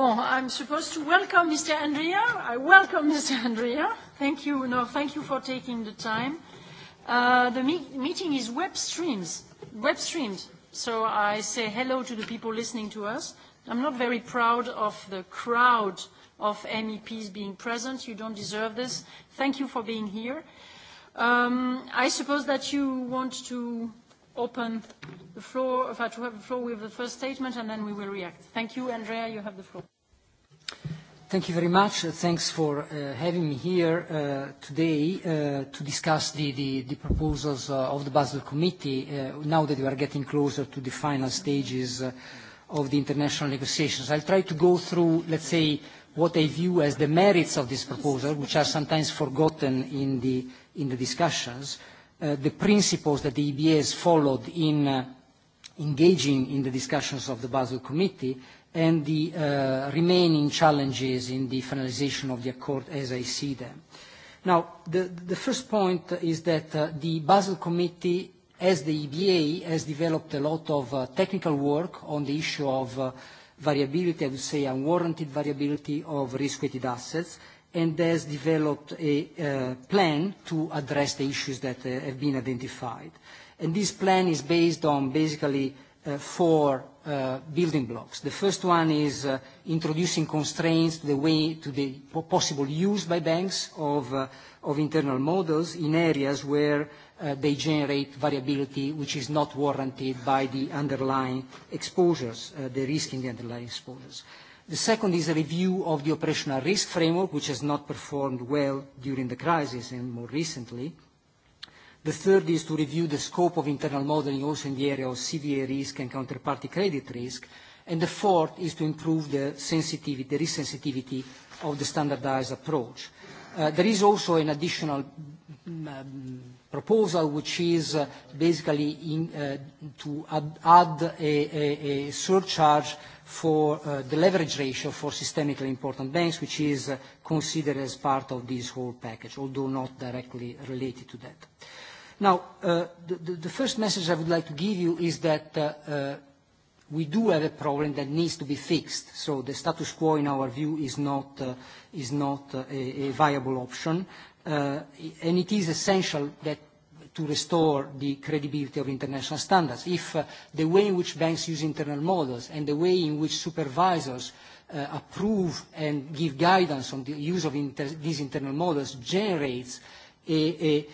Well, I'm supposed to welcome Mr. Andrea. I welcome Mr. Andrea. Thank you. No, thank you for taking the time. Uh, the me meeting is web streams, web streamed. So I say hello to the people listening to us. I'm not very proud of the crowd of MEPs being present. You don't deserve this. Thank you for being here. Um, I suppose that you want to open the floor, uh, to have the floor with the first statement, and then we will react. Thank you, Andrea. You have the floor. Thank you very much. Thanks for uh, having me here uh, today uh, to discuss the, the, the proposals uh, of the Basel Committee uh, now that we are getting closer to the final stages uh, of the international negotiations. I'll try to go through, let's say, what I view as the merits of this proposal, which are sometimes forgotten in the, in the discussions, uh, the principles that the EBA has followed in uh, engaging in the discussions of the Basel Committee, and the uh, remaining challenges in the finalization of the accord as I see them. Now, the first point is that uh, the Basel Committee, as the EBA, has developed a lot of uh, technical work on the issue of variability, I would say unwarranted variability of risk-weighted assets, and has developed a plan to address the issues that have been identified. This plan is based on basically four Uh, building blocks. The first one is uh, introducing constraints the way to the po possible use by banks of, uh, of internal models in areas where uh, they generate variability which is not warranted by the underlying exposures, uh, the risk in the underlying exposures. The second is a review of the operational risk framework, which has not performed well during the crisis and more recently, The third is to review the scope of internal modeling also in the area of CVA risk and counterparty credit risk. And the fourth is to improve the sensitivity, the risk sensitivity of the standardized approach. Uh, there is also an additional mm, um, proposal which is uh, basically in, uh, to add, add a, a, a surcharge for uh, the leverage ratio for systemically important banks, which is uh, considered as part of this whole package, although not directly related to that. Uh, Uh, the first message I would like to give you is that uh, uh, we do have a problem that needs to be fixed. The status quo, in our view, is not a viable option. It is essential to restore the credibility of international standards. If the way in which banks use internal models and the way in which supervisors approve and give guidance on the use of these internal models generates a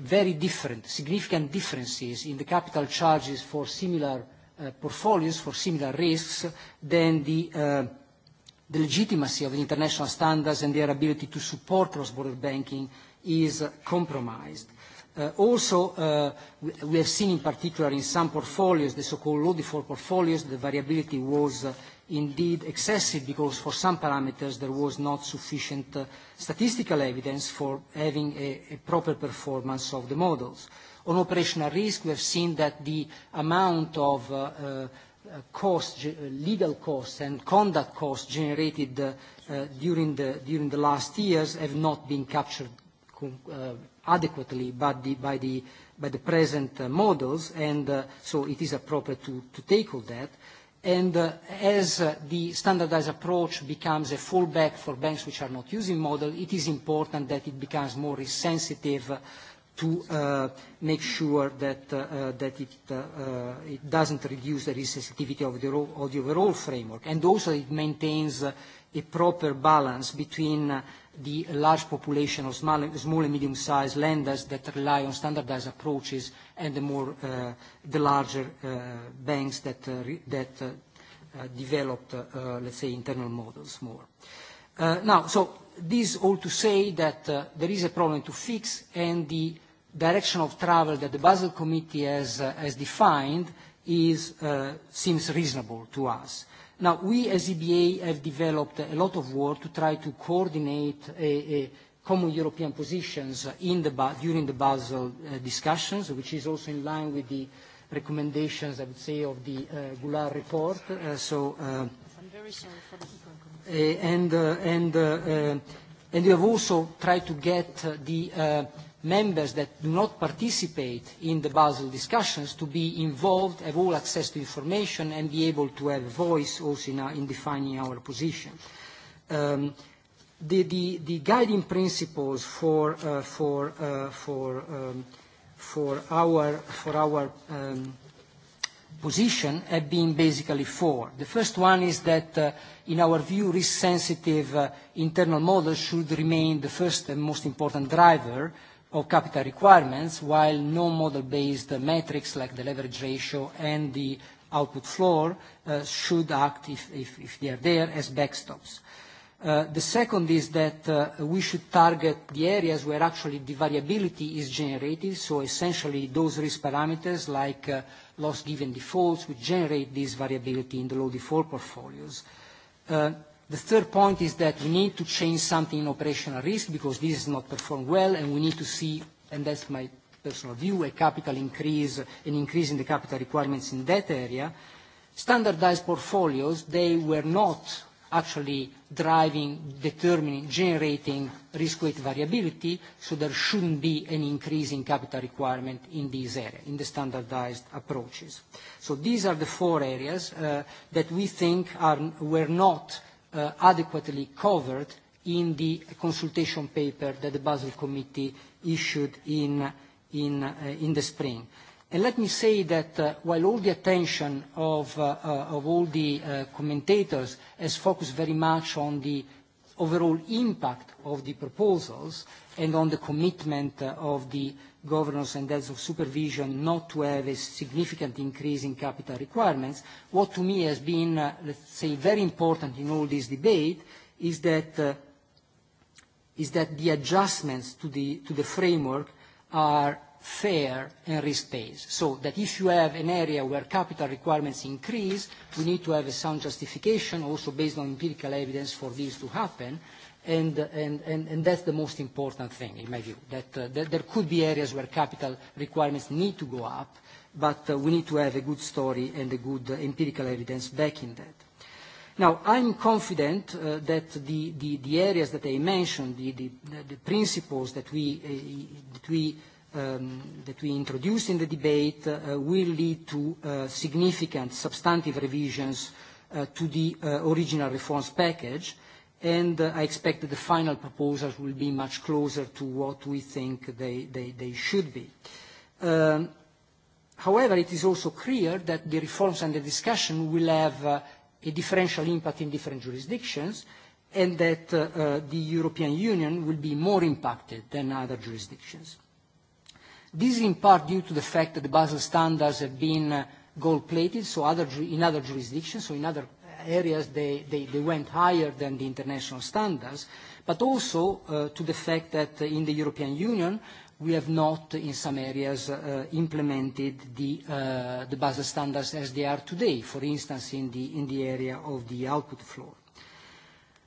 very different, significant differences in the capital charges for similar uh, portfolios, for similar risks, than the, uh, the legitimacy of the international standards and their ability to support cross-border banking is uh, compromised. Uh, also, uh, we have seen in particular in some portfolios, the so-called low default portfolios, the variability was uh, indeed excessive because for some parameters there was not sufficient uh, statistical evidence for having a, a proper performance of the models. On operational risk, we have seen that the amount of uh, uh, cost, uh, legal costs and conduct costs generated uh, uh, during, the, during the last years have not been captured uh, adequately by the, by the, by the present uh, models, and uh, so it is appropriate to, to take all that. Uh, Uh, as uh, the standardized approach becomes a fallback for banks which are not using model, it is important that it becomes more risk-sensitive to uh, make sure that it doesn't reduce the risk sensitivity of the overall framework. Also it maintains a proper balance between the large population of small and medium-sized lenders that rely on standardized approaches and the uh, larger uh, banks that uh, developed, let's say, internal models more. Now, this all to say that there is a problem to fix, and the direction of travel that the Basel Committee has defined seems reasonable to us. Now, we as EBA have developed a lot of work to try to coordinate a common European positions during the Basel uh, discussions, which is also in line with the recommendations, I would say, of the uh, Goulard report. Uh, I'm very sorry for the echo. You have also tried to get the members that do not participate in the Basel discussions to be involved, have all access to information, and be able to have a voice also in, our, uh, in defining our position. Um, the, the, the guiding principles for, uh, for, uh, for, um, for our, for our um, position have been basically four. The first one is that, uh, in our view, risk-sensitive uh, internal models should remain the first and most important driver of capital requirements, while non-model-based metrics like the leverage ratio and the output floor uh, should act, if they are there, as backstops. Uh, the second is that uh, we should target the areas where actually the variability is generated, so essentially those risk parameters like loss given defaults, which generate this variability in the low default portfolios. The third point is that we need to change something in operational risk because this is not performed well, and we need to see, and that's my personal view, a capital increase, an increase in the capital requirements in that area. Standardized portfolios, they were not actually driving, determining, generating risk-weight variability, so there shouldn't be an increase in capital requirement in this area, in the standardized approaches. These are the four areas uh, that we think were not Uh, adequately covered in the consultation paper that the Basel Committee issued in, in, uh, in the spring. And let me say that uh, while all the attention of, uh, uh, of all the uh, commentators has focused very much on the overall impact of the proposals and on the commitment uh, of the governance and as of supervision not to have a significant increase in capital requirements. What to me has been, uh, let's say, very important in all this debate is that, uh, is that the adjustments to the, to the framework are fair and risk-based. So that if you have an area where capital requirements increase, we need to have a sound justification also based on empirical evidence for this to happen and that's the most important thing in my view, uh, that there could be areas where capital requirements need to go up, but uh, we need to have a good story and a good uh, empirical evidence backing that. Now, I'm confident that the areas that I mentioned, the principles that we um, introduced in the debate, will lead to significant substantive revisions to the original reforms package and uh, I expect that the final proposals will be much closer to what we think they should be. Um, however, it is also clear that the reforms under discussion will have uh, a differential impact in different jurisdictions, and that uh, the European Union will be more impacted than other jurisdictions. This is in part due to the fact that the Basel standards have been gold-plated, so in other jurisdictions, so in other areas they went higher than the international standards, but also uh, to the fact that in the European Union, we have not, in some areas, uh, implemented the uh, Basel standards as they are today, for instance, in the area of the output floor.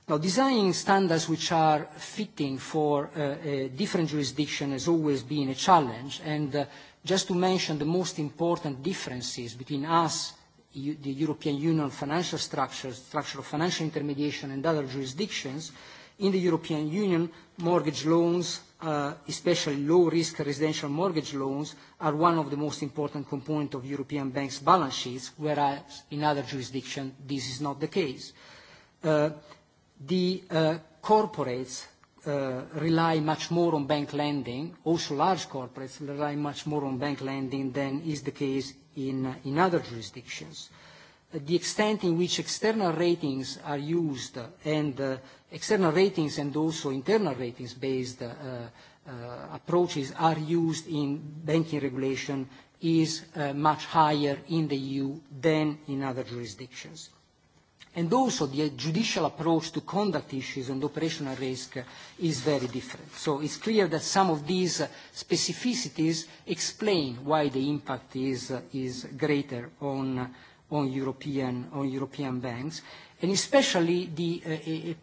Now, designing standards which are fitting for a different jurisdiction has always been a challenge. Just to mention the most important differences between us the European Union financial structure, structural financial intermediation and other jurisdictions, in the European Union, mortgage loans, uh, especially low-risk residential mortgage loans, are one of the most important components of European banks' balance sheets, whereas in other jurisdictions, this is not the case. Uh, the uh, corporates uh, rely much more on bank lending, also large corporates rely much more on bank lending than is the case Uh, in other jurisdictions. Uh, the extent in which external ratings are used and uh, external ratings and also internal ratings-based approaches are used in banking regulation is much higher in the EU than in other jurisdictions. And also the judicial approach to conduct issues and operational risk is very different. So it's clear that some of these specificities explain why the impact is, is greater on, on, European, on European banks. Especially the uh,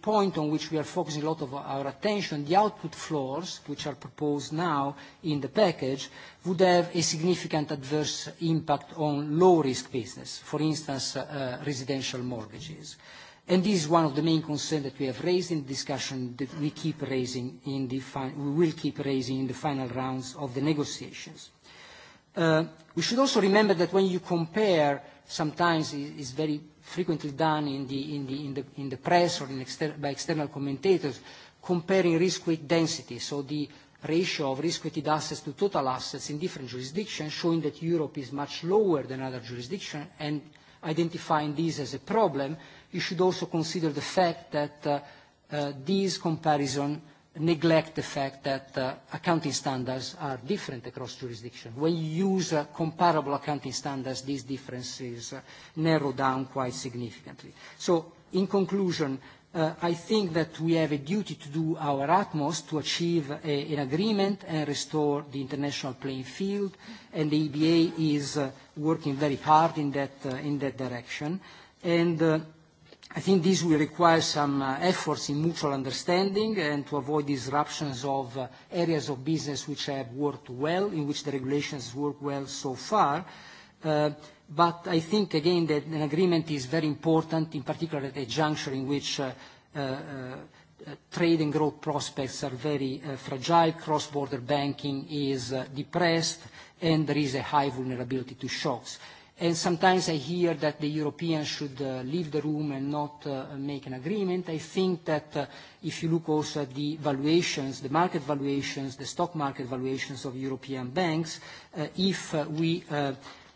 point on which we are focusing a lot of our attention, the output floors, which are proposed now in the package, would have a significant adverse impact on low-risk business, for instance, uh, uh, residential mortgages. This is one of the main concerns that we have raised in discussion that we will keep raising in the final rounds of the negotiations. We should also remember that when you compare sometimes is very frequently done in the, in the, in the, in the press or in exter- by external commentators, comparing risk weight density, so the ratio of risk weighted assets to total assets in different jurisdictions, showing that Europe is much lower than other jurisdictions, and identifying this as a problem, you should also consider the fact that uh, uh, this comparison neglect the fact that uh, accounting standards are different across jurisdiction. When you use uh, comparable accounting standards, these differences uh, narrow down quite significantly. In conclusion, I think that we have a duty to do our utmost to achieve an agreement and restore the international playing field, and the EBA is working very hard in that direction. I think this will require some uh, efforts in mutual understanding and to avoid disruptions of uh, areas of business which have worked well, in which the regulations work well so far. Uh, but I think, again, that an agreement is very important, in particular at a juncture in which uh, uh, uh, trade and growth prospects are very uh, fragile, cross-border banking is uh, depressed, and there is a high vulnerability to shocks. Uh, And sometimes I hear that the Europeans should uh, leave the room and not uh, make an agreement. I think that uh, if you look also at the valuations, the market valuations, the stock market valuations of European banks, uh, if uh, we uh,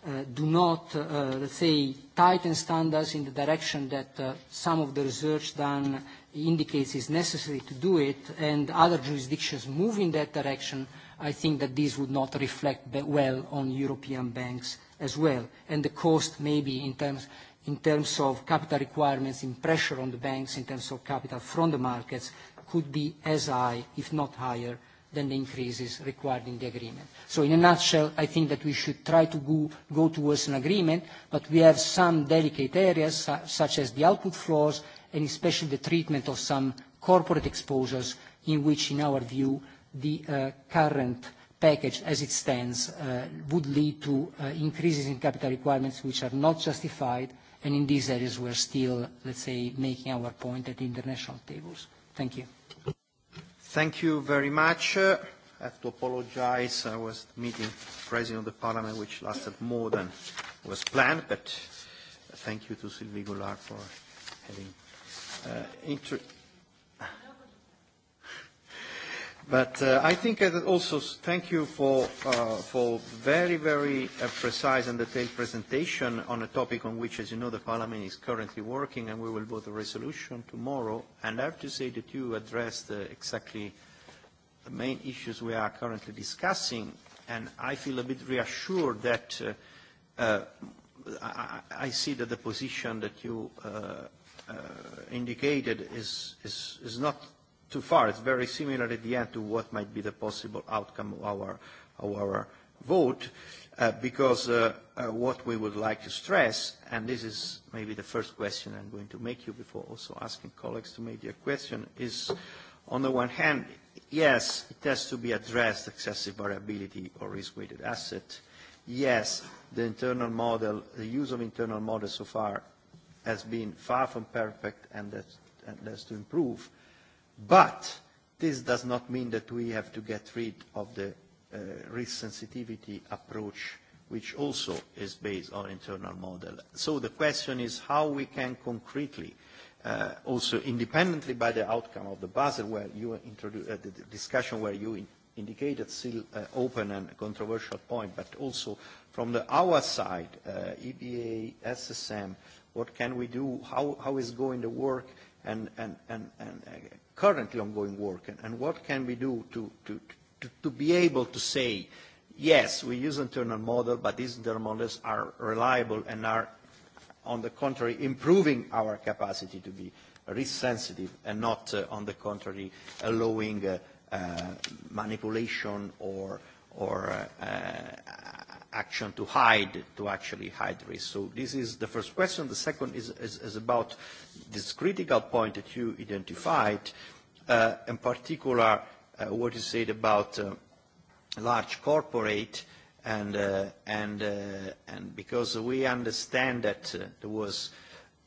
uh, do not, uh, let's say, tighten standards in the direction that uh, some of the research done indicates is necessary to do it, and other jurisdictions move in that direction, I think that this would not reflect well on European banks' as well. The cost maybe in terms of capital requirements and pressure on the banks in terms of capital from the markets could be as high, if not higher, than the increases required in the agreement. In a nutshell, I think that we should try to go towards an agreement, but we have some delicate areas, such as the output floors and especially the treatment of some corporate exposures in which, in our view, the uh, current package as it stands uh, would lead to uh, increases in capital requirements which are not justified, and in these areas we are still, let's say, making our point at the international tables. Thank you. Thank you very much. Uh, I have to apologize. I was meeting the President of the Parliament, which lasted more than was planned, but thank you to Sylvie Goulart for having uh, interested. But uh, I think that also thank you for, uh, for very, very uh, precise and detailed presentation on a topic on which, as you know, the Parliament is currently working and we will vote a resolution tomorrow. And I have to say that you addressed uh, exactly the main issues we are currently discussing. And I feel a bit reassured that uh, uh, I, I see that the position that you uh, uh, indicated is, is, is not too far. It's very similar at the end to what might be the possible outcome of our, of our vote, uh, because uh, uh, what we would like to stress, and this is maybe the first question I'm going to make you before also asking colleagues to make their question, is on the one hand, yes, it has to be addressed, excessive variability or risk-weighted asset. Yes, the internal model, the use of internal models so far has been far from perfect and that has to improve. Uh, But this does not mean that we have to get rid of the uh, risk sensitivity approach, which also is based on internal model. So the question is how we can concretely, uh, also independently by the outcome of the Basel, where you introduced uh, the discussion where you indicated still open and controversial point, but also from our side, EBA, SSM, what can we do? How is going the work and, and, and, and uh, currently ongoing work, and, and what can we do to, to, to, to be able to say, yes, we use internal model, but these internal models are reliable and are, on the contrary, improving our capacity to be risk-sensitive and not, uh, on the contrary, allowing uh, uh, manipulation or, or uh, uh, action to hide, to actually hide risk. So this is the first question. The second is, is, is about this critical point that you identified, uh, in particular uh, what you said about uh, large corporate and, uh, and, uh, and because we understand that uh, there was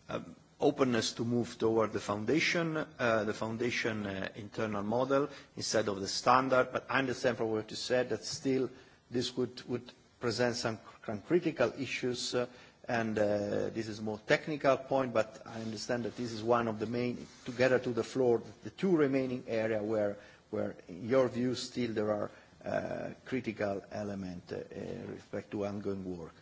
um, openness to move toward the foundation, uh, the foundation uh, internal model instead of the standard, but I understand from what you said that still this would, would present some, some critical issues, uh, and uh, this is a more technical point, but I understand that this is one of the main, together to the floor, the two remaining areas where, where, in your view, still there are uh, critical element uh, in uh, uh, respect to ongoing work.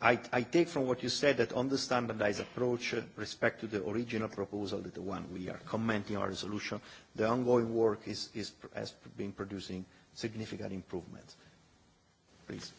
I, I take from what you said that on the standardized approach, uh, respect to the original proposal, that the one we are commenting our resolution, the ongoing work is, is, has been producing significant improvements. Please.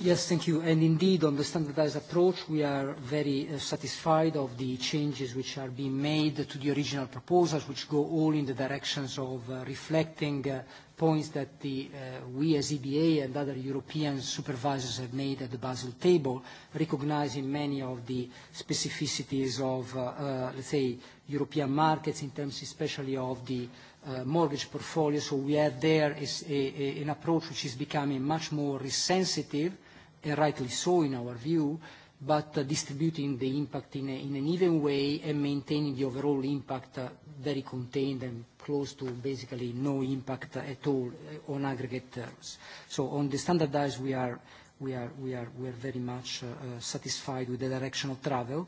Yes, thank you. And indeed, on the standardized approach, we are very uh, satisfied of the changes which are being made to the original proposals, which go all in the directions of uh, reflecting uh, points that the, uh, we as EBA and other European supervisors have made at the Basel table, recognizing many of the specificities of, uh, uh, let's say, European markets in terms especially of the uh, mortgage portfolio. So we have there is a, a, an approach which is becoming much more sensitive and rightly so in our view, but distributing the impact in an even way and maintaining the overall impact uh, very contained and close to basically no impact at all uh, on aggregate terms. On the standardized, we are very much uh, satisfied with the direction of travel.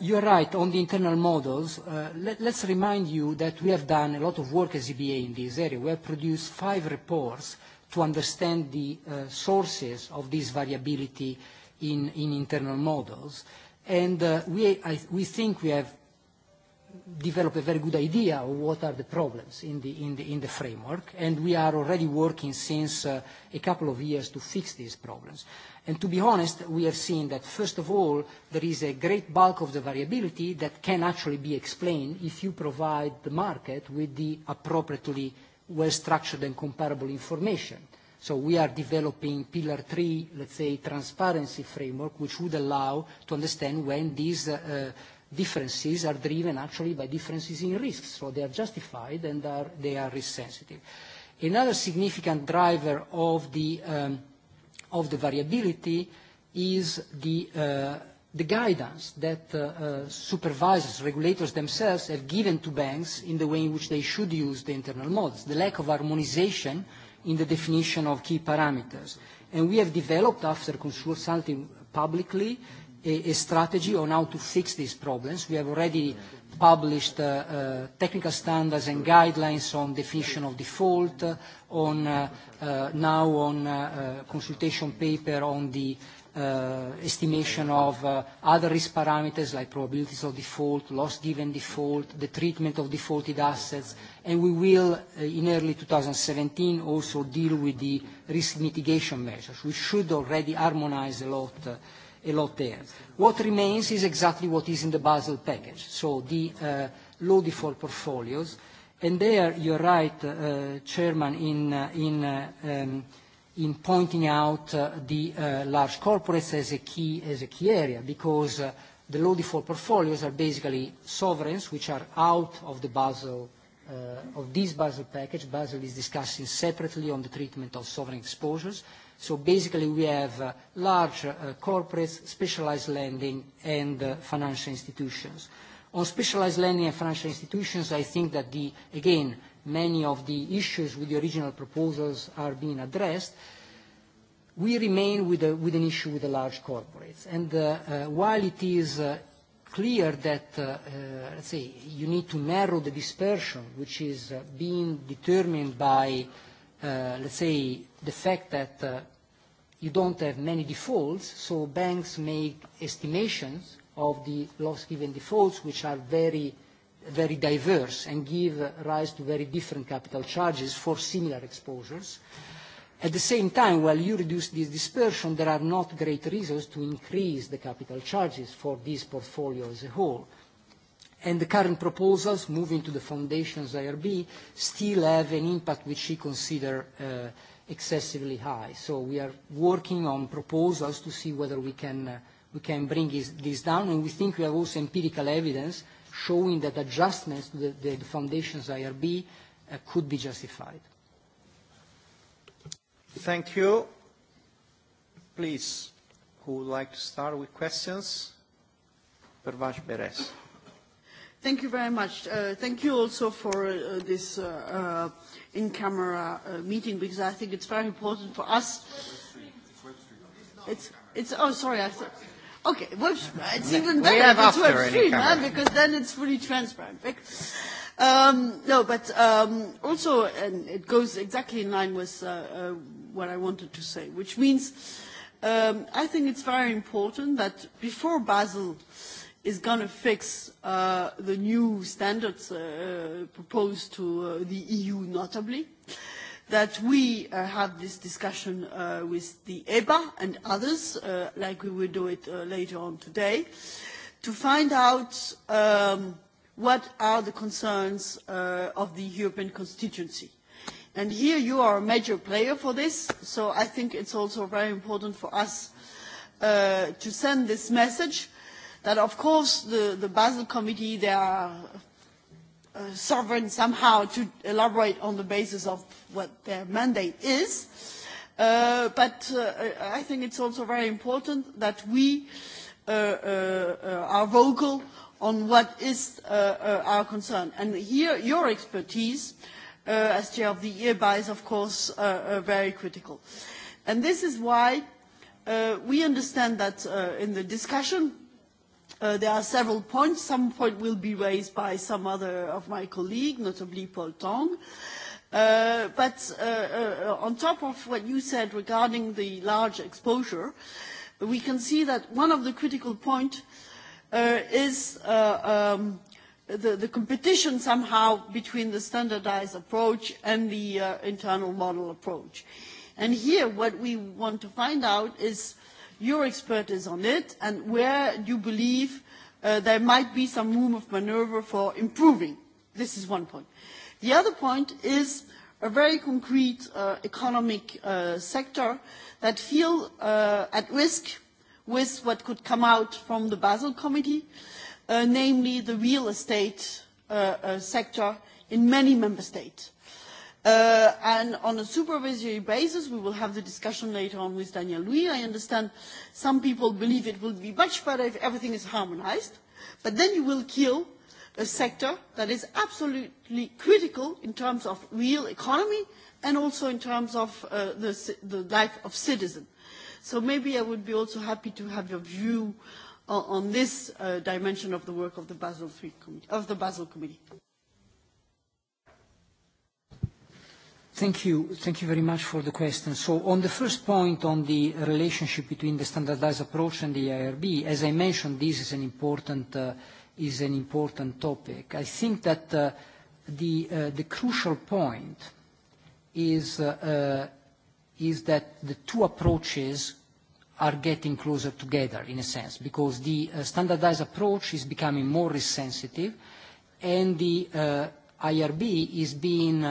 You are right on the internal models. Let's remind you that we have done a lot of work as EBA in this area. We have produced five reports to understand the uh, sources of this variability in, in internal models. And uh, we, I, we think we have developed a very good idea of what are the problems in the, in the, in the framework, and we are already working since uh, a couple of years to fix these problems. And to be honest, we have seen that, first of all, there is a great bulk of the variability that can actually be explained if you provide the market with the appropriately well-structured and comparable information. We are developing Pillar 3, let's say, transparency framework, which would allow to understand when these uh, uh, differences are driven actually by differences in risks. They are justified, and they are risk sensitive. Another significant driver of the um, variability is the uh, the guidance that uh, uh, supervisors, regulators themselves have given to banks in the way in which they should use the internal models, the lack of harmonization in the definition of key parameters. And we have developed, after consulting publicly, a, a strategy on how to fix these problems. We have already published uh, uh, technical standards and guidelines on definition of default, uh, on uh, uh, now on uh, uh, consultation paper on the uh, Uh, estimation of uh, other risk parameters like probabilities of default, loss given default, the treatment of defaulted assets, and we will, uh, in early 2017, also deal with the risk mitigation measures. We should already harmonize a lot, uh, a lot there. What remains is exactly what is in the Basel package, so the uh, low default portfolios, and there you're right, uh, uh Chairman, in, uh, in uh, um, in pointing out uh, the uh, large corporates as a key area, because uh, the low default portfolios are basically sovereigns, which are out of this Basel package. Basel is discussing separately on the treatment of sovereign exposures. Basically, we have large corporates, specialized lending, and financial institutions. On specialized lending and financial institutions, I think that, again, many of the issues with the original proposals are being addressed, we remain with an issue with the large corporates. Uh, uh, while it is uh, clear that, let's say, you need to narrow the dispersion, which is being determined by, let's say, the fact that you don't have many defaults, so banks make estimations of the loss given defaults, which are very very diverse and give rise to very different capital charges for similar exposures. At the same time, while you reduce this dispersion, there are not great reasons to increase the capital charges for this portfolio as a whole. And the current proposals, moving to the foundation's IRB, still have an impact which we consider uh, excessively high. So we are working on proposals to see whether we can, uh, we can bring this, this down. And we think we have also empirical evidence uh, showing that adjustments to the, the foundation's IRB uh, could be justified. Thank you. Please, who would like to start with questions? Pervash Beres. Thank you very much. Uh, thank you also for uh, this uh, uh, in-camera uh, meeting because I think it's very important for us. It's, it's, it's oh, sorry. I th- Okay, well, it's even better we have after stream, any huh? because then it's fully transparent. Um, no, but um, also, and it goes exactly in line with uh, uh, what I wanted to say, which means um, I think it's very important that before Basel is going to fix uh, the new standards uh, uh proposed to uh, the EU, notably, uh, that we uh, have this discussion uh, with the EBA and others, uh, like we will do it uh, later on today, to find out um, what are the concerns uh, of the European constituency. And here you are a major player for this, so I think it's also very important for us uh, to send this message that of course the, the Basel Committee, they are Uh, sovereign somehow to elaborate on the basis of what their mandate is. Uh, but uh, I think it's also very important that we uh, uh, uh are vocal on what is uh, uh, our concern. And here, your expertise uh, as chair of the EBA is, of course, uh, uh, very critical. And this is why uh, we understand that uh, in the discussion Uh, there are several points. Some point will be raised by some other of my colleagues, notably Paul Tong. Uh, but uh, uh, on top of what you said regarding the large exposure, we can see that one of the critical points uh, is uh, um, the, the competition somehow between the standardized approach and the uh, internal model approach. And here what we want to find out is uh, your expert is on it, and where you believe uh, there might be some room of maneuver for improving. This is one point. The other point is a very concrete uh, economic uh, sector that feel uh, at risk with what could come out from the Basel Committee, uh, namely the real estate uh, uh, sector in many member states. Uh, on a supervisory basis, we will have the discussion later on with Daniel Louis. I understand some people believe it will be much better if everything is harmonized, but then you will kill a sector that is absolutely critical in terms of real economy and also in terms of uh, the, the life of citizens. So maybe I would be also happy to have your view on, uh, on this uh, dimension of the work of the Basel, III Committee, of the Basel Committee. Thank you. Thank you very much for the question. On the first point on the relationship between the standardized approach and the e IRB, as I mentioned, this is an important uh, topic. I think that uh, uh, the crucial point is that the two approaches are getting closer together in a sense, because the standardized approach is becoming more risk sensitive, and the e IRB is being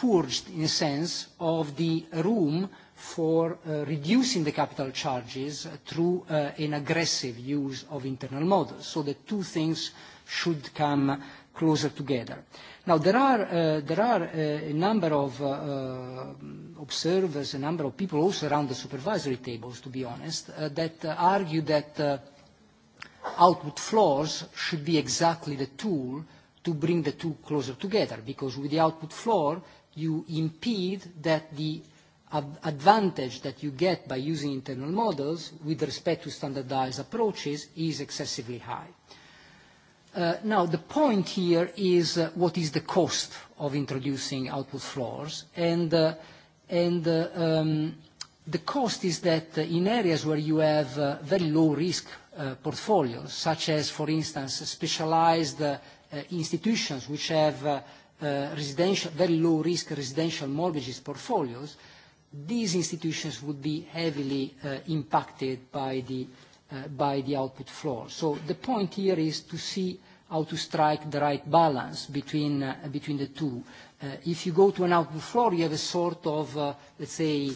purged in a sense of the room for uh, reducing the capital charges through uh, an aggressive use of internal models. So the two things should come closer together. Now there are, uh, there are uh, a number of uh, uh, observers, a number of people also around the supervisory tables to be honest, uh, that uh, argue that uh, output floors should be exactly the tool to bring the two closer together because with the output floor you impede that the advantage that you get by using internal models with respect to standardized approaches is excessively high. Uh, now, the point here is uh, what is the cost of introducing output floors, and, uh, and uh, um, the cost is that uh, in areas where you have uh, very low risk uh, portfolios, such as, for instance, specialized uh, uh institutions which have uh, Uh, residential, very low risk residential mortgages portfolios, these institutions would be heavily uh, impacted uh, by the output floor. The point here is to see how to strike the right balance between the two. If you go to an output floor, you have a sort of, let's say,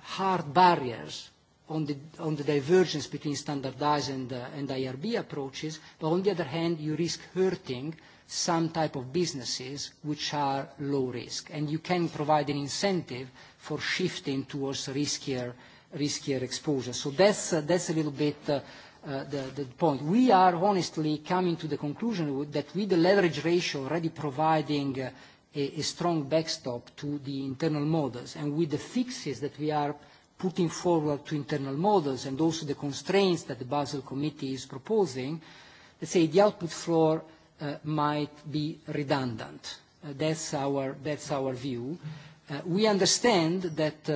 hard barriers on the divergence between standardized and IRB approaches. On the other hand, you risk hurting some type of businesses which are low risk, and you can provide an incentive for shifting towards riskier exposure. Uh, that's a little bit uh, uh, the point. We are honestly coming to the conclusion that with the leverage ratio already providing a strong backstop to the internal models, and with the fixes that we are putting forward to internal models, and also the constraints that the Basel Committee is proposing, let's say the output floor Uh, might be redundant. Uh, that's our view. Uh, we understand that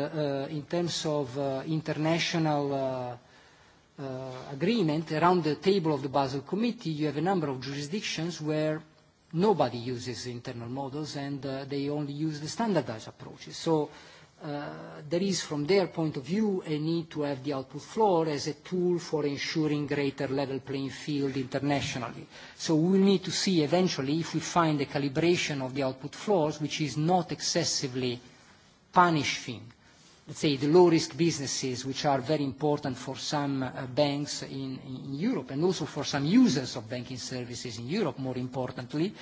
in terms of international agreement, around the table of the Basel Committee, you have a number of jurisdictions where nobody uses internal models, and they only use the standardized approaches uh, there is, from their point of view, a need to have the output floor as a tool for ensuring greater level playing field internationally. So we will need to see eventually if we find a calibration of the output floors which is not excessively punishing, let's say, the low-risk businesses which are very important for some uh, banks in, in Europe and also for some users of banking services in Europe, more importantly,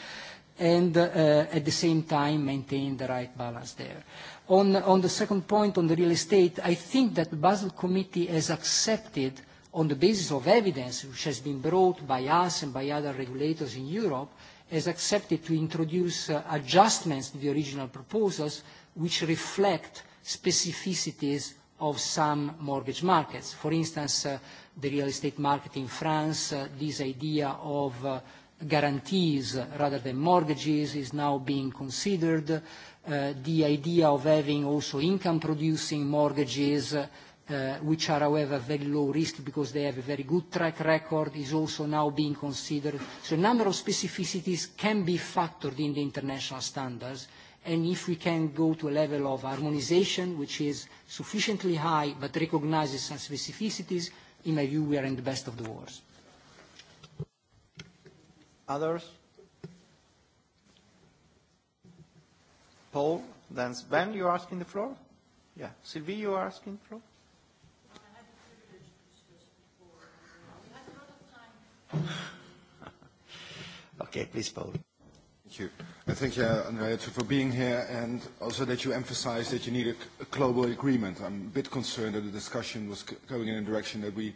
and uh, at the same time maintain the right balance there. Uh, On the second point on the real estate, I think that the Basel Committee has accepted, on the basis of evidence which has been brought by us and by other regulators in Europe, has accepted to introduce uh, adjustments to the original proposals which reflect specificities of some mortgage markets. For instance, uh, the real estate market in France, uh, this idea of guarantees rather than mortgages is now being considered. Uh, the idea of having also income-producing mortgages, uh, which are, however, very low risk because they have a very good track record, is also now being considered. A number of specificities can be factored in the international standards. If we can go to a level of harmonization, which is sufficiently high but recognizes some specificities, in my view, we are in the best of the worlds. Others? Paul, then Sven, you're asking the floor? Yeah. Sylvie, you are asking the floor? Okay, please, Paul. Thank you. I thank you, Andrea, for being here and also that you emphasize that you need a, a global agreement. I'm a bit concerned that the discussion was c going in a direction that we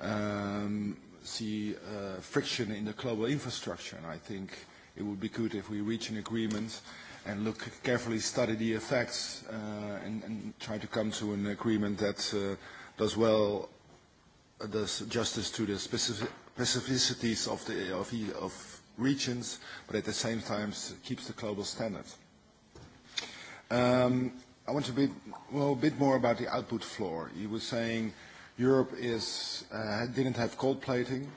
um, see uh, friction in the global infrastructure. And I think it would be good if we reach an agreement and look carefully, study the effects, uh, and, and try to come to an agreement that uh, does well, uh, does justice to the specific specificities of the of, of regions, but at the same time keeps the global standard. Um, I want to be well, a bit more about the output floor. You were saying Europe is, uh, didn't have cold plating,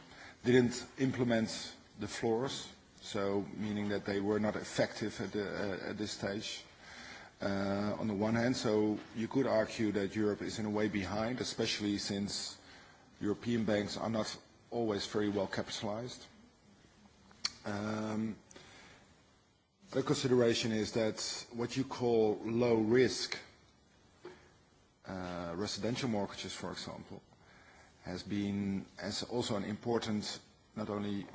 didn't implement the floors, so meaning that they were not effective at, the, uh, at this stage. Uh, on the one hand, so you could argue that Europe is in a way behind, especially since European banks are not always very well capitalized. Um, the consideration is that what you call low risk, uh, uh, residential mortgages, for example, has been as also an important, not only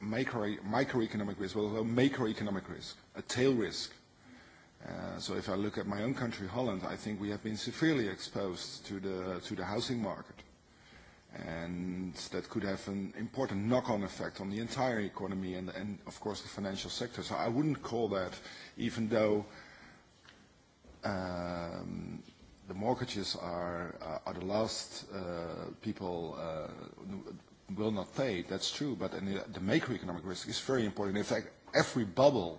micro, microeconomic risk, but also macroeconomic risk, a tail risk. Uh, so if I look at my own country, Holland, I think we have been severely exposed to the, to the housing market. And that could have an important knock-on effect on the entire economy and, and, of course, the financial sector. So I wouldn't call that, even though um, the mortgages are uh, are the last uh, people uh, will not pay. That's true, but in the, the macroeconomic risk is very important. In fact, every bubble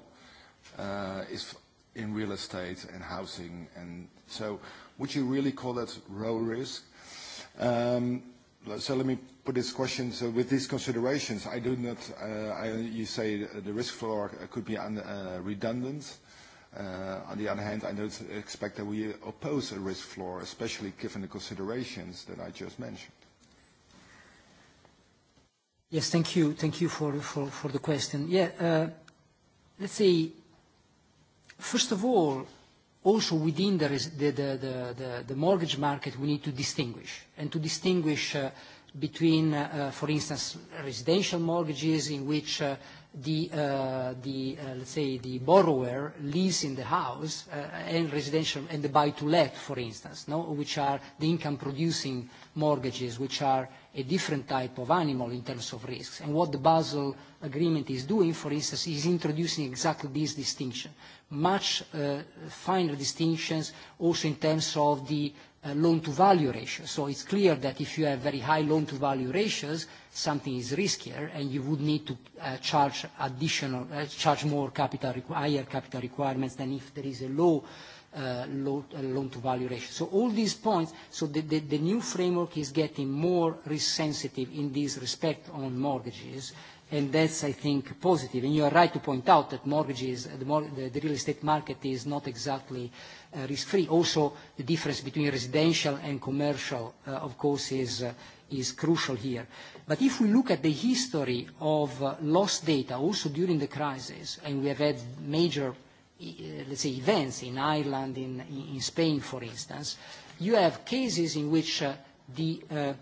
uh, is in real estate and housing, and so would you really call that row risk? Um, so let me put this question. So with these considerations, I do not. Uh, I, you say the risk floor could be un, uh, redundant. Uh, Uh, on the other hand, I don't expect that we oppose a risk floor, especially given the considerations that I just mentioned. Yes, thank you. Thank you for the question. Yeah, uh, let's say, first of all, also within the mortgage market, we need to distinguish. And to distinguish uh, between, for instance, residential mortgages, in which the, uh, the uh, let's say, the borrower leasing the house uh, and residential and the buy-to-let, for instance, no? which are the income-producing mortgages, which are a different type of animal in terms of risks. And what the Basel Agreement is doing, for instance, is introducing exactly this distinction, much uh, finer distinctions also in terms of the Uh, loan-to-value ratio. It's clear that if you have very high loan-to-value ratios, something is riskier, and you would need to uh, uh, charge more capital, higher capital requirements than if there is a low loan-to-value ratio. All these points, the new framework is getting more risk sensitive in this respect on mortgages, and that's, I think, positive. And you are right to point out that mortgages, the real estate market is not exactly uh, risk-free. Also, the difference between residential and commercial, uh, of course, uh, is crucial here. But if we look at the history of loss data, also during the crisis, and we have had major, e, let's say, events in Ireland, in Spain, for instance, you have cases in which the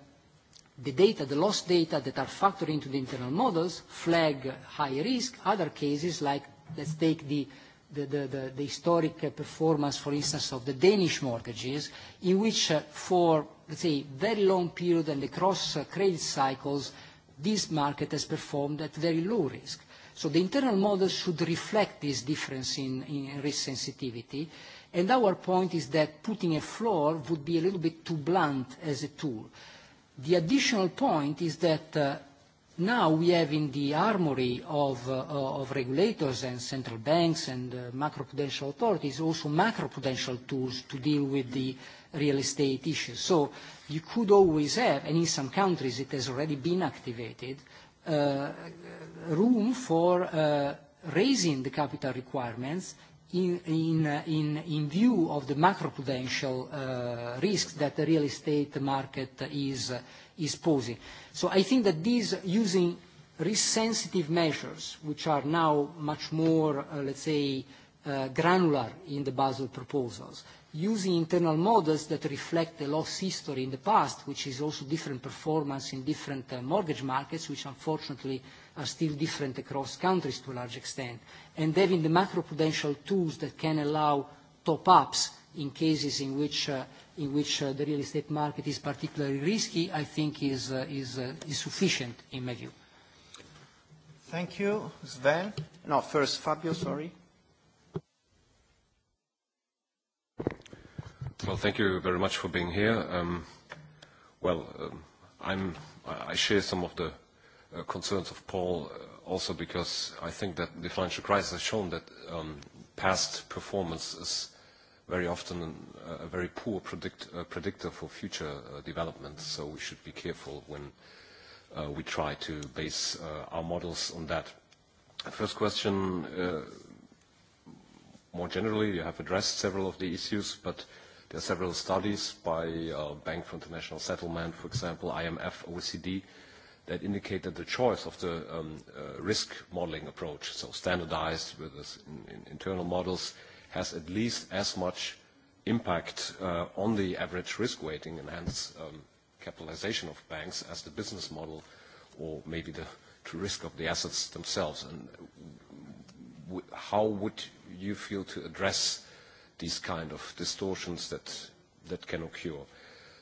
the data, the loss data that are factored into the internal models flag high risk. Other cases, like let's take the, the, the, the, the historic uh, performance, for instance, of the Danish mortgages, in which uh, for, let's say, very long period and across uh, credit cycles, this market has performed at very low risk. So the internal model should reflect this difference in, in risk sensitivity. And our point is that putting a floor would be a little bit too blunt as a tool. The additional point is that uh, now we have in the armory of, uh, of regulators and central banks and uh, macroprudential authorities also macroprudential tools to deal with the real estate issues. So you could always have, and in some countries it has already been activated, uh, room for uh, raising the capital requirements in view of the macroprudential uh, risks that the real estate market is posing. I think that these using risk-sensitive measures, which are now much more, uh, let's say, uh, granular in the Basel proposals, using internal models that reflect the loss history in the past, which is also different performance in different mortgage markets, which unfortunately are still different across countries to a large extent. And having the macroprudential tools that can allow top-ups in cases in which, uh, in which uh, the real estate market is particularly risky, I think is, uh, is, uh, is sufficient in my view. Thank you. Sven? No, first Fabio, sorry. Well, thank you very much for being here. Um, well, um, I'm, I share some of the Uh, concerns of Paul, uh, also because I think that the financial crisis has shown that um, past performance is very often an, uh, a very poor predict, uh, predictor for future uh, development, so we should be careful when uh, we try to base uh, our models on that. First question, uh, more generally, you have addressed several of the issues, but there are several studies by uh, Bank for International Settlement, for example, IMF, OECD, uh, that indicate that the choice of the um, uh, risk modeling approach, so standardized with this in, in internal models, has at least as much impact uh, on the average risk weighting and hence um, capitalization of banks as the business model or maybe the true risk of the assets themselves. And w how would you feel to address these kind of distortions that, that can occur?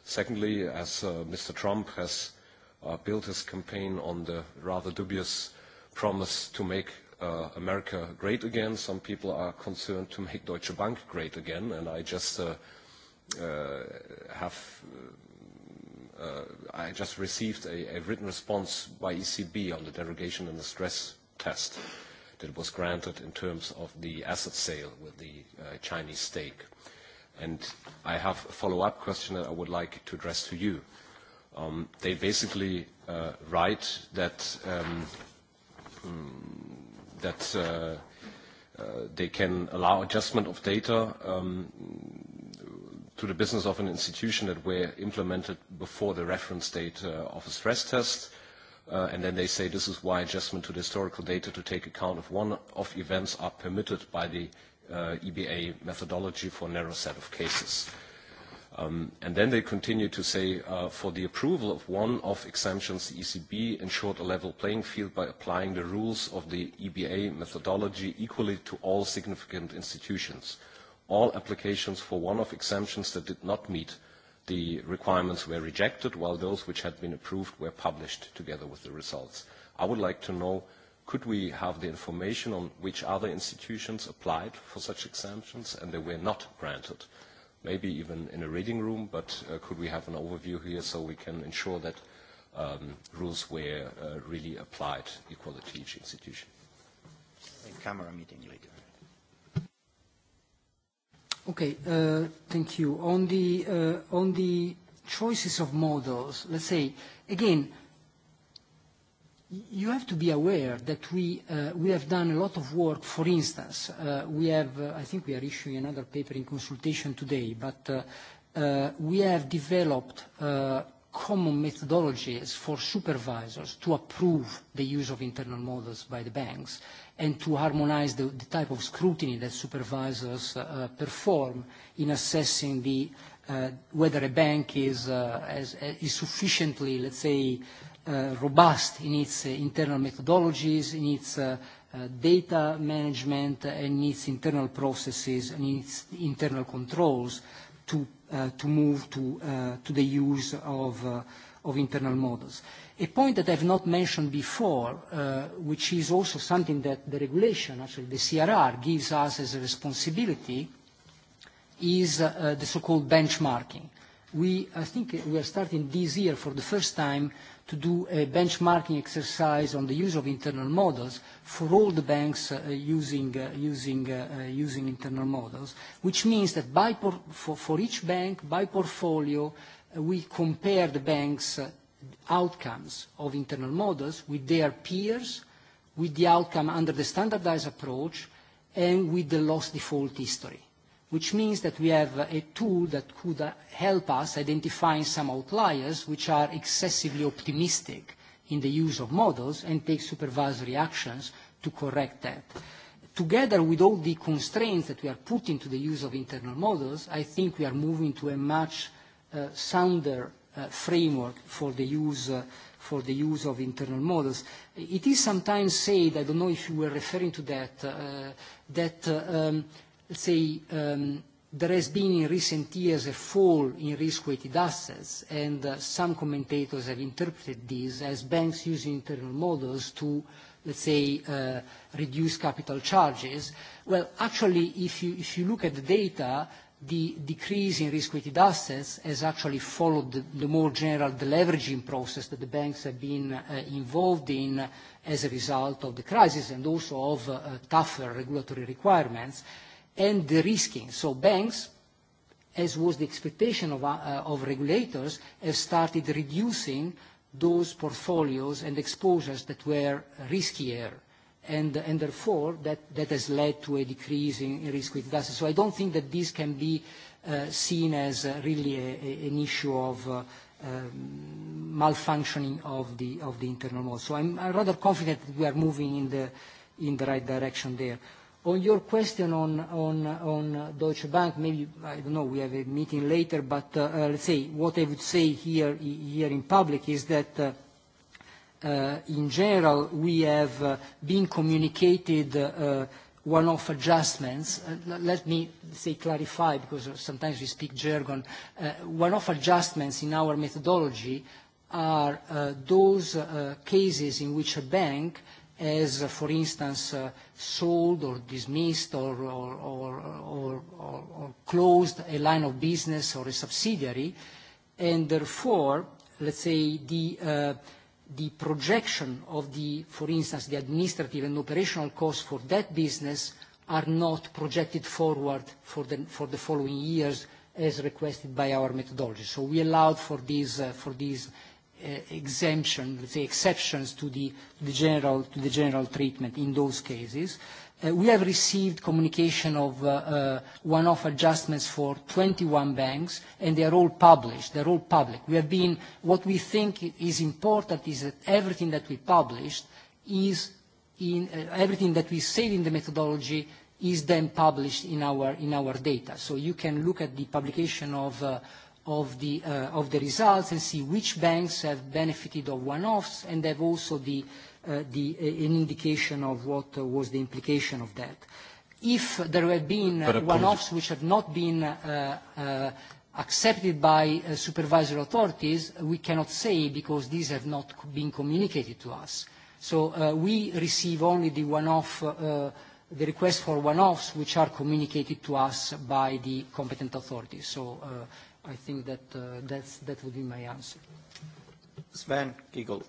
Secondly, as uh, Mr. Trump has uh, uh, built his campaign on the rather dubious promise to make uh, America great again. Some people are concerned to make Deutsche Bank great again, and I just uh, uh, have uh, uh I just received a, a written response by ECB on the derogation and the stress test that was granted in terms of the asset sale with the uh, Chinese stake. And I have a follow-up question that I would like to address to you um, they basically uh, write that um, mm, that uh, uh, they can allow adjustment of data um, to the business of an institution that were implemented before the reference date uh, of a stress test. Uh, and then they say this is why adjustment to the historical data to take account of one-off events are permitted by the uh, EBA methodology for a narrow set of cases. Uh, Um, and then they continue to say, uh, for the approval of one of exemptions, the ECB ensured a level playing field by applying the rules of the EBA methodology equally to all significant institutions. All applications for one of exemptions that did not meet the requirements were rejected, while those which had been approved were published together with the results. I would like to know, could we have the information on which other institutions applied for such exemptions and they were not granted? maybe even in a reading room, but uh, could we have an overview here so we can ensure that um, rules were uh, really applied equally to each institution? A camera meeting later. Okay, uh, thank you. On the, uh, on the choices of models, let's say, again, You have to be aware that we, uh, we have done a lot of work, for instance, uh, we have, uh, I think we are issuing another paper in consultation today, but uh, uh, we have developed uh, common methodologies for supervisors to approve the use of internal models by the banks and to harmonize the, the type of scrutiny that supervisors uh, perform in assessing the, uh, whether a bank is, uh, as, uh, is sufficiently, let's say, uh, uh, robust in its uh, internal methodologies, in its uh, uh, data management, uh, and in its internal processes, and in its internal controls to, uh, to move to, uh, to the use of, uh, of internal models. A point that I've not mentioned before, uh, which is also something that the regulation, actually the CRR, gives us as a responsibility, is uh, the so-called benchmarking we, I think we are starting this year for the first time to do a benchmarking exercise on the use of internal models for all the banks uh, uh, uh, using internal models, which means that for each bank, by portfolio, we compare the bank's outcomes of internal models with their peers, with the outcome under the standardized approach, and with the loss default history which means that we have a tool that could uh, help us identifying some outliers which are excessively optimistic in the use of models and take supervisory actions to correct that. Together with all the constraints that we are putting to the use of internal models, I think we are moving to a much uh, sounder uh, framework for the, use, uh, for the use of internal models. It is sometimes said, I don't know if you were referring to that, uh, that uh, um, let's say, um, there has been in recent years a fall in risk-weighted assets, and uh, some commentators have interpreted this as banks using internal models to, let's say, uh, reduce capital charges. Well, actually, if you, if you look at the data, the decrease in risk-weighted assets has actually followed the, the more general deleveraging process that the banks have been uh, involved in as a result of the crisis and also of uh, tougher regulatory requirements and de-risking. Banks, as was the expectation uh, of regulators, have started reducing those portfolios and exposures that were riskier, and therefore, that has led to a decrease in risk-weighted assets. I don't think that this can be uh, seen as uh, really an issue of um, malfunctioning of the internal model. I'm rather confident we are moving in the right direction there. On your question on Deutsche Bank, maybe, I don't know, we have a meeting later, but uh, uh, let's say, what I would say here in public is that, uh, in general, we have been communicated one-off adjustments. Let me say clarify, because sometimes we speak jargon. One-off adjustments in our methodology are those cases in which a bank has, uh, for instance, uh, sold or dismissed or closed a line of business or a subsidiary. Therefore, let's say uh, the projection of the, for instance, the administrative and operational costs for that business are not projected forward for the following years as requested by our methodology. We allowed for this uh, exemption, let's say exceptions to the, to the, general, to the general treatment in those cases. Uh, we have received communication of uh, uh, one-off adjustments for 21 banks, and they are all published. They're all public. We have been, what we think is important is that everything that we published is in, uh, everything that we say in the methodology is then published in our, in our data. So you can look at the publication of uh, Uh, of the results and see which banks have benefited of one-offs and have also uh, uh, an indication of what was the implication of that. If there had been one-offs which have not been accepted by supervisory authorities, we cannot say because these have not been communicated to us. So we receive only the request for one-offs which are communicated to us by the competent authorities. So I think that uh, that's, that would be my answer. Sven Giegel.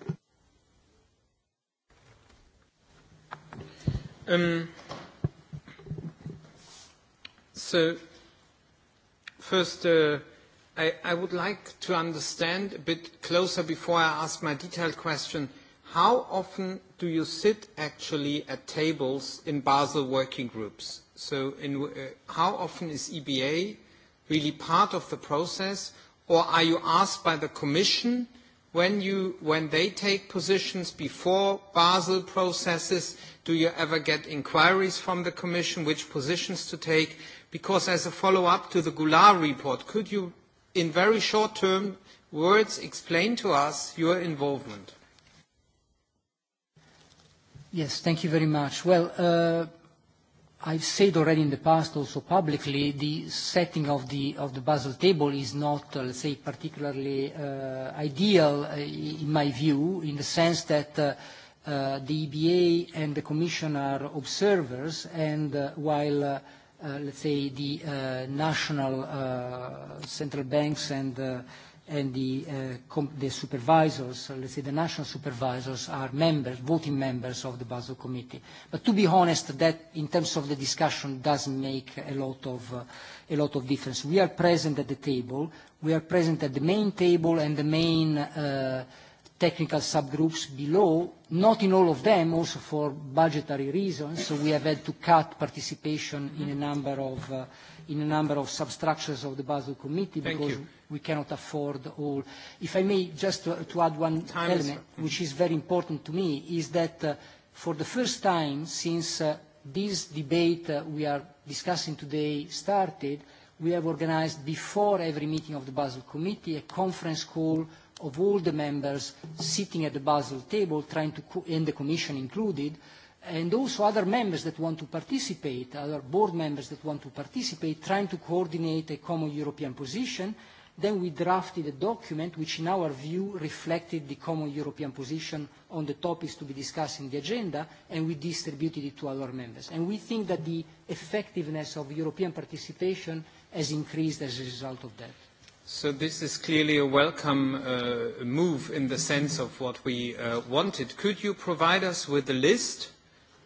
Um, so, first, uh, I, I would like to understand a bit closer before I ask my detailed question, how often do you sit actually at tables in Basel working groups? So, in, uh, how often is EBA really part of the process, or are you asked by the Commission when, you, when they take positions before Basel processes? Do you ever get inquiries from the Commission which positions to take? Because as a follow-up to the Goulart report, could you, in very short-term words, explain to us your involvement? Yes, thank you very much. Well, uh, I've said already in the past, also publicly, the setting of the, of the Basel table is not, uh, let's say, particularly uh, ideal, uh, in my view, in the sense that uh, uh, the EBA and the Commission are observers, and uh, while, uh, uh, let's say, the uh, national uh, central banks and uh, and the, uh, com- the supervisors, or let's say the national supervisors, are members, voting members of the Basel Committee. But to be honest, that in terms of the discussion does make a lot of, uh, a lot of difference. We are present at the table. We are present at the main table and the main. Uh, technical subgroups below, not in all of them, also for budgetary reasons, so we have had to cut participation in a number of, uh, in a number of substructures of the Basel Committee Thank because you. we cannot afford all. If I may, just to, to add one time element, is which is very important to me, is that uh, for the first time since uh, this debate uh, we are discussing today started, we have organized before every meeting of the Basel Committee a conference call of all the members sitting at the Basel table, trying to co and the Commission included, and also other members that want to participate, other board members that want to participate, trying to coordinate a common European position. Then we drafted a document which, in our view, reflected the common European position on the topics to be discussed in the agenda, and we distributed it to our members. And we think that the effectiveness of European participation has increased as a result of that. So this is clearly a welcome uh, move in the sense of what we uh, wanted. Could you provide us with a list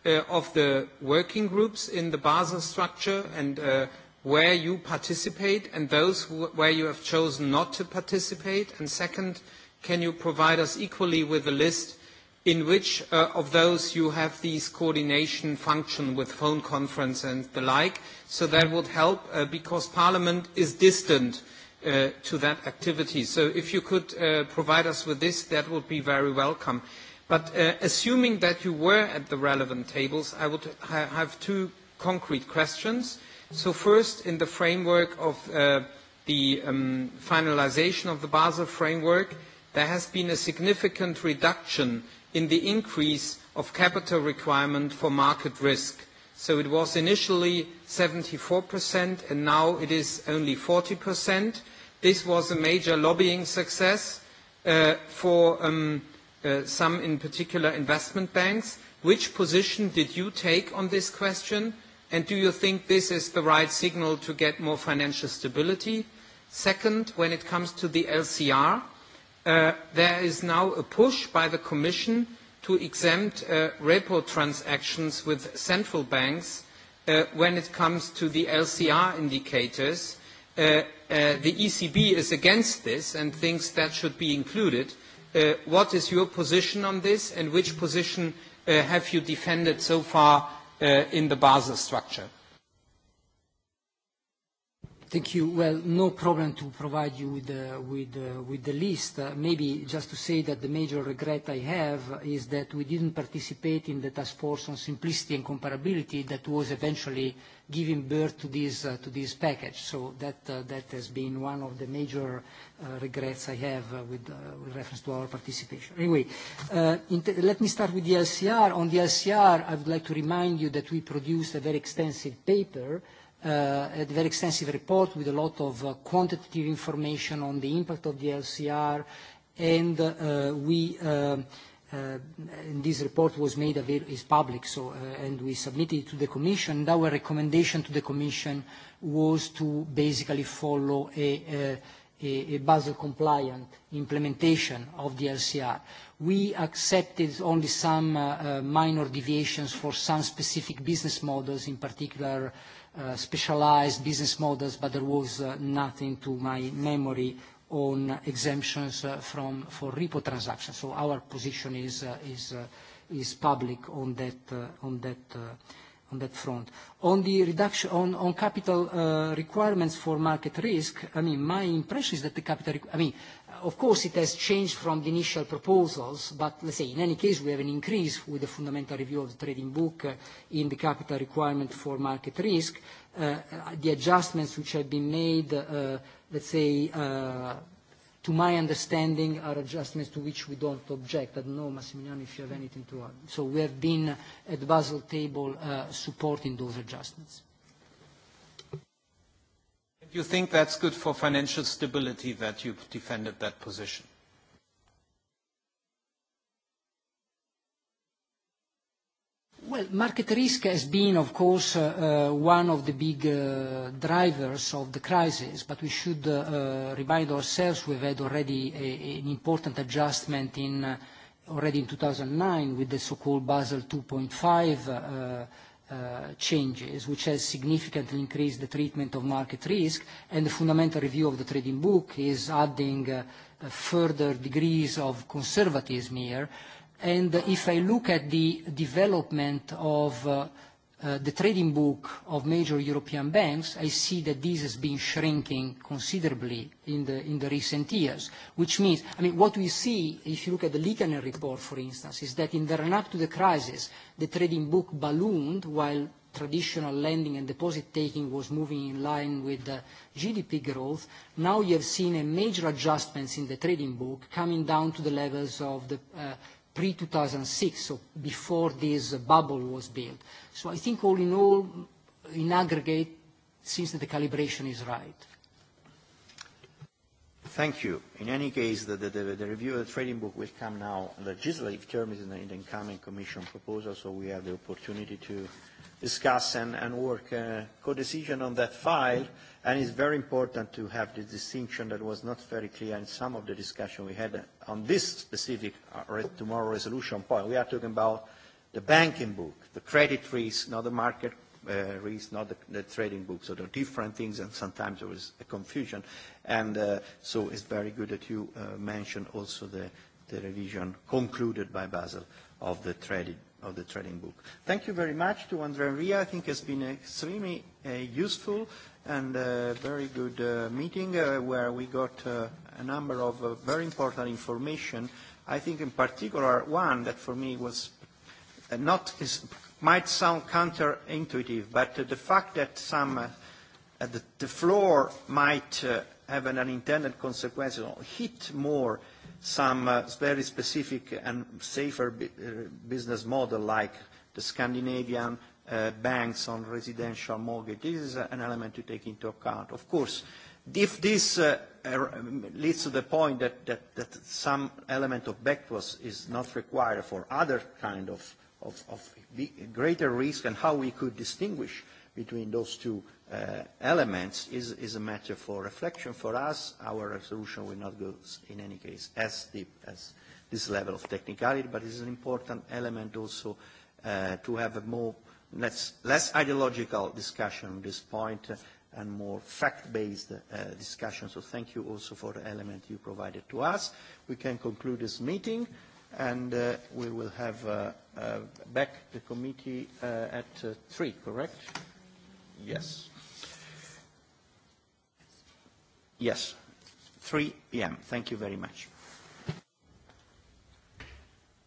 uh, of the working groups in the Basel structure and uh, where you participate and those wh where you have chosen not to participate? And second, can you provide us equally with a list in which uh, of those you have these coordination function with phone conference and the like? So that would help uh, because Parliament is distant uh, to that activity. So if you could uh, provide us with this, that would be very welcome. But uh, assuming that you were at the relevant tables, I would ha have two concrete questions. So first, in the framework of uh, the um, finalization of the Basel framework, there has been a significant reduction in the increase of capital requirement for market risk. Uh, It was initially 74%, and now it is only 40%. This was a major lobbying success uh, for um, uh, some, in particular, investment banks. Which position did you take on this question, and do you think this is the right signal to get more financial stability? Second, when it comes to the LCR, uh, there is now a push by the commission to exempt uh, repo transactions with central banks uh, when it comes to the LCR indicators. Uh, uh, the ECB is against this and thinks that should be included. Uh, what is your position on this and which position uh, have you defended so far uh, in the Basel structure? Thank you. Well, no problem to provide you with, uh, with, uh, with the list. Uh, maybe just to say that the major regret I have is that we didn't participate in the task force on simplicity and comparability that was eventually giving birth to this, uh, to this package. So that, uh, that has been one of the major uh, regrets I have uh, with, uh, with reference to our participation. Anyway, uh, in let me start with the LCR. On the LCR, I would like to remind you that we produced a very extensive paper uh, Uh, a very extensive report with a lot of uh, quantitative information on the impact of the LCR. Uh, this report is public, and we submitted to the commission. Our recommendation to the commission was to basically follow a Basel-compliant implementation of the LCR. We accepted only some minor deviations for some specific business models, in particular Uh, specialized business models, but there was uh, nothing to my memory on exemptions uh, for repo transactions. So our position is public on that front. On the reduction on capital requirements for market risk, I mean, my impression is that the capital, I mean, of course, it has changed from the initial proposals, but let's say in any case, we have an increase with the fundamental review of the trading book uh, in the capital requirement for market risk. Uh, uh, the adjustments which have been made, let's say, to my understanding, are adjustments to which we don't object. I don't know, Massimiliano, if you have anything to add. We have been at the Basel table supporting those adjustments you think that's good for financial stability that you've defended that position? Well, market risk has been, of course, uh, uh, one of the big uh, drivers of the crisis, but we should remind ourselves we've had already an important adjustment already in 2009 with the so-called Basel 2.5 Uh, changes, which has significantly increased the treatment of market risk, and the fundamental review of the trading book is adding uh, further degrees of conservatism here. And if I look at the development of uh, Uh, the trading book of major European banks, I see that this has been shrinking considerably in the recent years. Which means, I mean, what we see, if you look at the Liikanen report, for instance, is that in the run-up to the crisis, the trading book ballooned while traditional lending and deposit taking was moving in line with the GDP growth. Now you have seen a major adjustments in the trading book coming down to the levels of the uh, pre-2006, so before this bubble was built. I think all in all, in aggregate, seems that the calibration is right. Thank you. In any case, the review of the trading book will come now, legislative term is an incoming commission proposal, so we have the opportunity to discuss and work uh, co-decision on that file. And it's very important to have the distinction that was not very clear in some of the discussion we had on this specific uh, tomorrow resolution point. We are talking about the banking book, the credit risk, not the market uh, risk, not the, the trading book. So there are different things, and sometimes there is a confusion. And uh, so it's very good that you uh, mentioned also the, the revision concluded by Basel of the trading of the trading book. Thank you very much to Andrea Ria. I think it's been extremely uh, useful and a very good uh, meeting uh, where we got uh, a number of uh, very important information. I think in particular one that for me was uh, not, is, might sound counterintuitive, but uh, the fact that some uh, at the, the floor might uh, have an unintended consequence or hit more some uh, very specific and safer bi uh, business model like the Scandinavian Uh, banks on residential mortgages is uh, an element to take into account. Of course, if this uh, er, leads to the point that, that, that some element of backwards is not required for other kind of, of, of greater risk and how we could distinguish between those two uh, elements is, is a matter for reflection. For us, our resolution will not go in any case as deep as this level of technicality, but it is an important element also uh, to have a more less, less ideological discussion on this point uh, and more fact-based uh, discussion. So thank you also for the element you provided to us. We can conclude this meeting and uh, we will have uh, uh, back the committee uh, at uh, 3, correct? Yes. Yes, 3 p.m. Thank you very much.